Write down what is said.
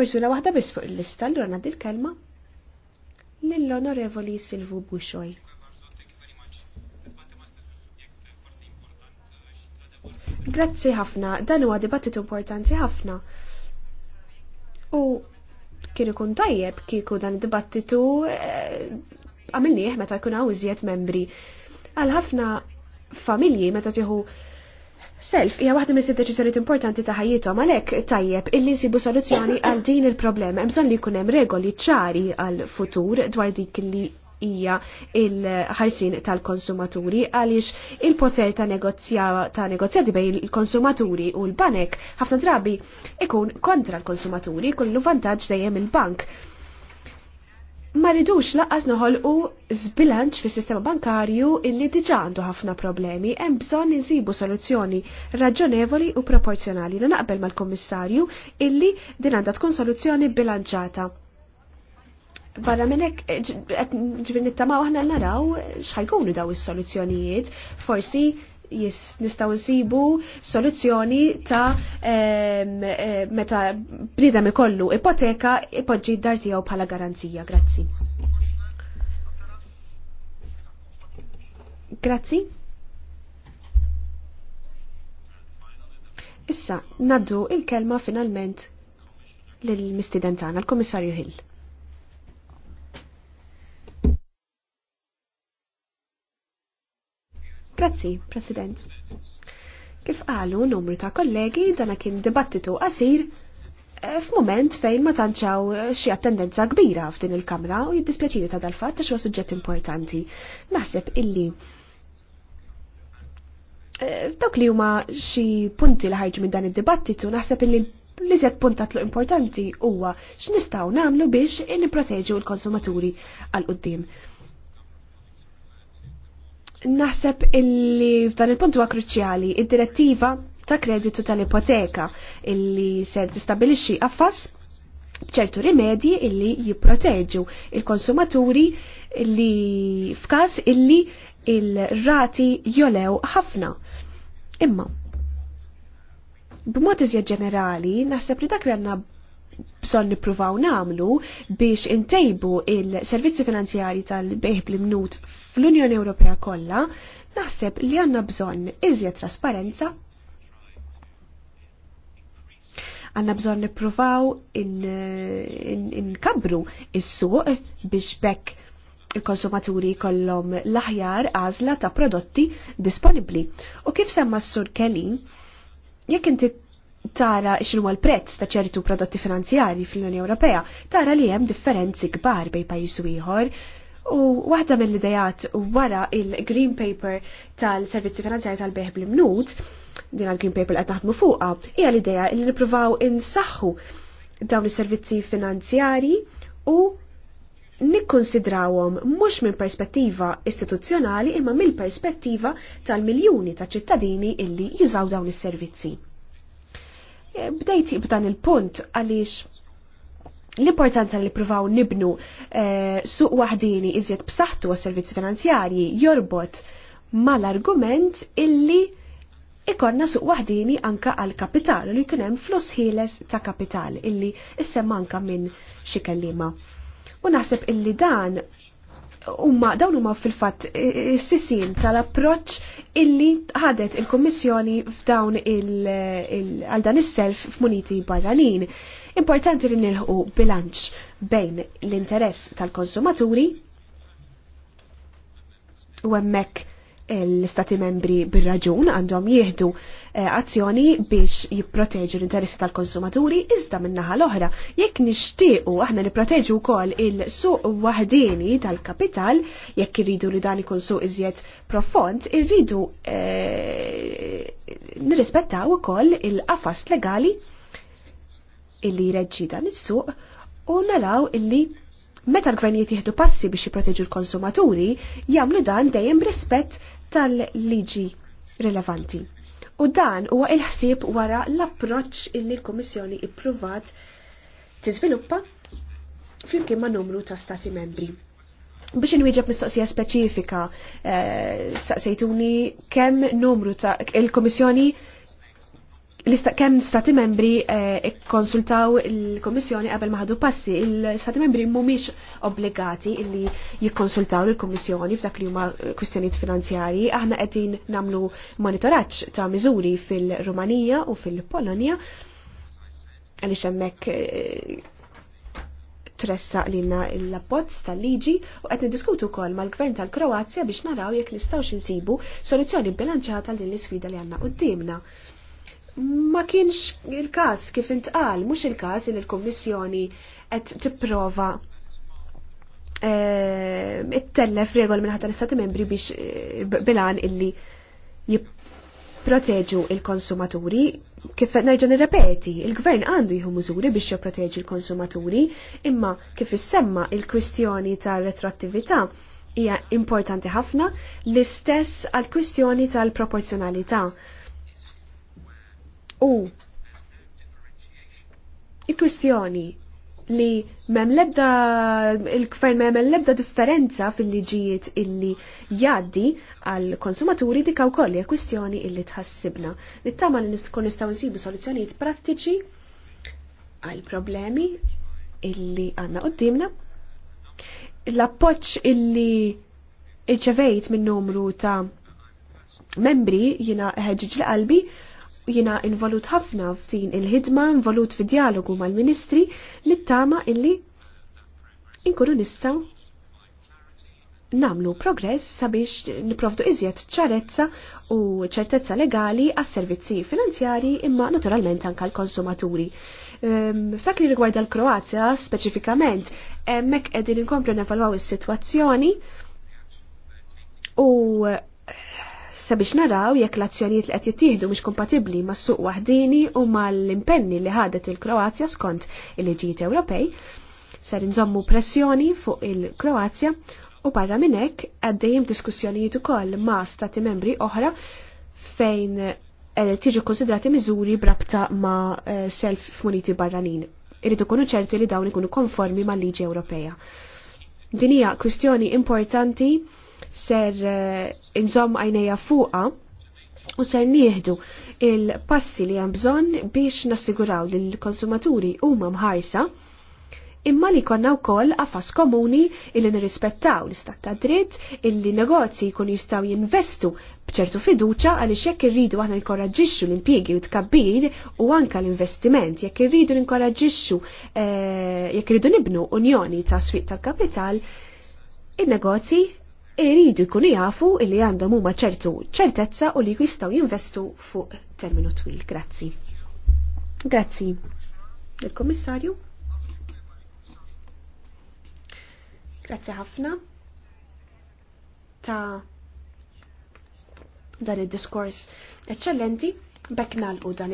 Persuna waħda biss fuq il-lista l għandi l-kelma lill-Onorevoli Silvu Buxoj. Grazzi ħafna, dan huwa dibattitu importanti ħafna. U kien ikun tajjeb kieku dan id-dibattitu eh, għamilnieh meta jkun hawn iżjed membri. Għal ħafna familji meta tieħu Self hija waħda mis deċiżjonijiet importanti ta' ħajjithom għalhekk tajjeb illi nsibu soluzzjoni għal din il-problema. Hemm bżonn li jkun hemm regoli ċari għal futur dwar dik li hija il-ħarsin tal-konsumaturi għaliex il-poter ta' negozjati bejn il-konsumaturi u l-banek ħafna drabi ikun kontra l-konsumaturi kullu vantaġġ dejjem il-bank. il bank ma ridux laqqas noħolqu zbilanċ fis sistema bankarju illi diġa għandu ħafna problemi, hemm bżonn insibu soluzzjoni raġonevoli u proporzjonali. Na naqbel mal-Kommissarju illi din għandha tkun soluzzjoni bilanċata. Barra minnek, eh, ġivin nittama għahna naraw xħajkunu daw is-soluzzjonijiet, forsi nistaw nsibu soluzzjoni ta' meta bnidem ikollu ipoteka ipoġġi d-dar tiegħu bħala garanzija. Grazzi. Grazzi. Issa, naddu il-kelma finalment lill-mistidentana, l-Komissarju Hill. Grazzi, President. Kif qalu numru ta' kollegi dana kien dibattitu qasir eh, f'mument fejn ma tanċaw eh, xi attendenza kbira f'din il-kamra u jiddispjaċini ta' dal-fatt ta' xi suġġett importanti. Naħseb illi eh, dok li huma xi punti li ħarġu minn dan id-dibattitu naħseb illi li zed puntat lo importanti huwa x'nistgħu nagħmlu biex nipproteġu l-konsumaturi għal qudiem Naħseb illi f'dan il-punt huwa kruċjali id-direttiva ta' kreditu tal-ipoteka illi se tistabilixxi affas b'ċertu rimedji illi jipproteġu il-konsumaturi illi f'każ illi il-rati jolew ħafna. Imma, b'mod iżjed ġenerali, naħseb li dak li għanna bżon nipruvaw namlu biex intejbu il-servizzi finanzjari tal beħ bl-imnut fl-Unjoni Ewropea kollha, naħseb li għanna bżon iżjed trasparenza, għanna bżon nipruvaw inkabru is-suq biex bekk il-konsumaturi kollom l-aħjar għażla ta' prodotti disponibli. U kif semma s-sur Kelly, jekk inti tara xinu l-prezz ta' ċertu prodotti finanzjari fl-Unjoni Ewropea, tara li hemm differenzi kbar bej pajjiż ieħor. U waħda mill-idejat wara il-Green Paper tal-Servizzi Finanzjari tal-Beħ bl-Mnut, din għal-Green Paper qed naħdmu fuqha, hija l-idea li nippruvaw insaħħu dawn is-servizzi finanzjari u nikkonsidrawhom mhux minn perspettiva istituzzjonali imma mill-perspettiva tal-miljuni ta' ċittadini illi jużaw dawn is-servizzi. Eh, bdejt b'dan il-punt għaliex l-importanza li provaw nibnu eh, suq waħdini iżjed b'saħħtu għas servizzi finanzjarji jorbot mal-argument illi ikonna suq wahdini anka għal kapital li jkun hemm flus ħieles ta' kapital illi issem anka minn xi kellima. U naħseb illi dan huma dawn huma fil-fatt eh, is-sisin tal-approċċ illi ħadet il-Kommissjoni f'dawn għal dan is-self f'muniti barranin. Importanti li nilħu bilanċ bejn l-interess tal-konsumaturi u hemmhekk l-istati membri bir-raġun għandhom jieħdu Eh, azzjoni biex jipproteġu l-interessi tal-konsumaturi iżda minnaħa l-oħra jekk nixtiequ aħna nipproteġu wkoll il-suq waħdini tal-kapital jekk irridu li dan ikun suq iżjed profond irridu eh, nirrispettaw ukoll il-qafas legali illi jreġġi dan is-suq u naraw illi meta l-gvernijiet jieħdu passi biex jipproteġu l-konsumaturi, jagħmlu dan dejjem rispett tal-liġi rilevanti. U dan huwa il-ħsieb wara l-approċċ illi l-Kummissjoni ippruvat tiżviluppa flimkien ma' numru ta' stati membri. Biex inwieġeb mistoqsija speċifika, eh, staqsejtuni kemm numru ta' il-Kummissjoni kemm stati membri eh, konsultaw il komissjoni qabel maħadu passi, il-stati membri mhumiex obbligati illi jikkonsultaw il komissjoni f'dak li huma eh, kwistjonijiet finanzjarji, aħna qegħdin nagħmlu monitoraġġ ta' miżuri fil-Rumanija u fil-Polonja għaliex hemmhekk eh, tressa lilna l-abbozz tal-liġi u qed niddiskutu wkoll mal-Gvern tal-Kroazja biex naraw jekk nistgħux xinsibu soluzzjoni bilanċata lil l-isfida li għandna qudiemna ma kienx il-kas kif intqal, mhux il-kas li l-Kummissjoni qed tipprova eh, it-tellef regol minn ħadd l-Istati membri biex eh, bilan illi jipproteġu il-konsumaturi kif nerġa' nirrepeti, il-gvern għandu jieħu mużuri biex jipproteġi il konsumaturi imma kif issemma il-kwistjoni tal-retrattività hija importanti ħafna l-istess għal kwistjoni tal-proporzjonalità. tal proporzjonalità U il-kwistjoni li mem lebda il-kfar mem lebda differenza fil-liġijiet illi jaddi għal konsumaturi dikaw kolli kwistjoni illi tħassibna. Nittama li nistkun nistaw nsibu soluzzjonijiet prattiċi għal problemi illi għanna qoddimna. L-appoċ illi irċevejt minn numru ta' membri jina ħeġġiġ l qalbi jina involut ħafna f'din il-ħidma, involut fi dialogu mal-ministri li tama illi inkunu nistaw namlu progress sabiex niprofdu iżjed ċarezza u ċertezza legali għas servizzi finanzjari imma naturalment anka l-konsumaturi. Ehm, f'dak li rigward l-Kroazja speċifikament, hemmhekk qegħdin inkomplu nevalwaw is-sitwazzjoni u sabiex naraw jekk l-azzjonijiet li qed jittieħdu mhux kompatibbli mas-suq waħdini u mal-impenni li ħadet il-Kroazja skont il-liġijiet Ewropej, ser nżommu pressjoni fuq il-Kroazja u barra minn hekk għaddejjem diskussjonijiet ukoll ma' stati membri oħra fejn eh, tiġu konsidrati miżuri brabta ma' eh, self f'muniti barranin. Irridu kunu ċerti li dawn ikunu konformi mal-liġi Ewropea. Din hija kwistjoni importanti ser eh, inżomm għajnejja fuqa u ser nieħdu il-passi li hemm bżonn biex nassiguraw li l-konsumaturi huma mħarsa imma li konna wkoll għafas komuni illi nirrispettaw l-istat ta' dritt illi negozji jkun jistgħu jinvestu b'ċertu fiduċa għaliex jekk irridu aħna nkoraġġixxu l-impjiegi u tkabbir u anka l-investiment jekk irridu nkoraġġixxu eh, jekk irridu nibnu unjoni ta' swieq tal-kapital in-negozji iridu jkunu jafu illi għandhom huma ċertu ċertezza u li jistgħu jinvestu fuq terminu twil. Grazzi. Grazzi. Il-Kommissarju? Grazzi ħafna ta' dan id-diskors eċċellenti bekna l dan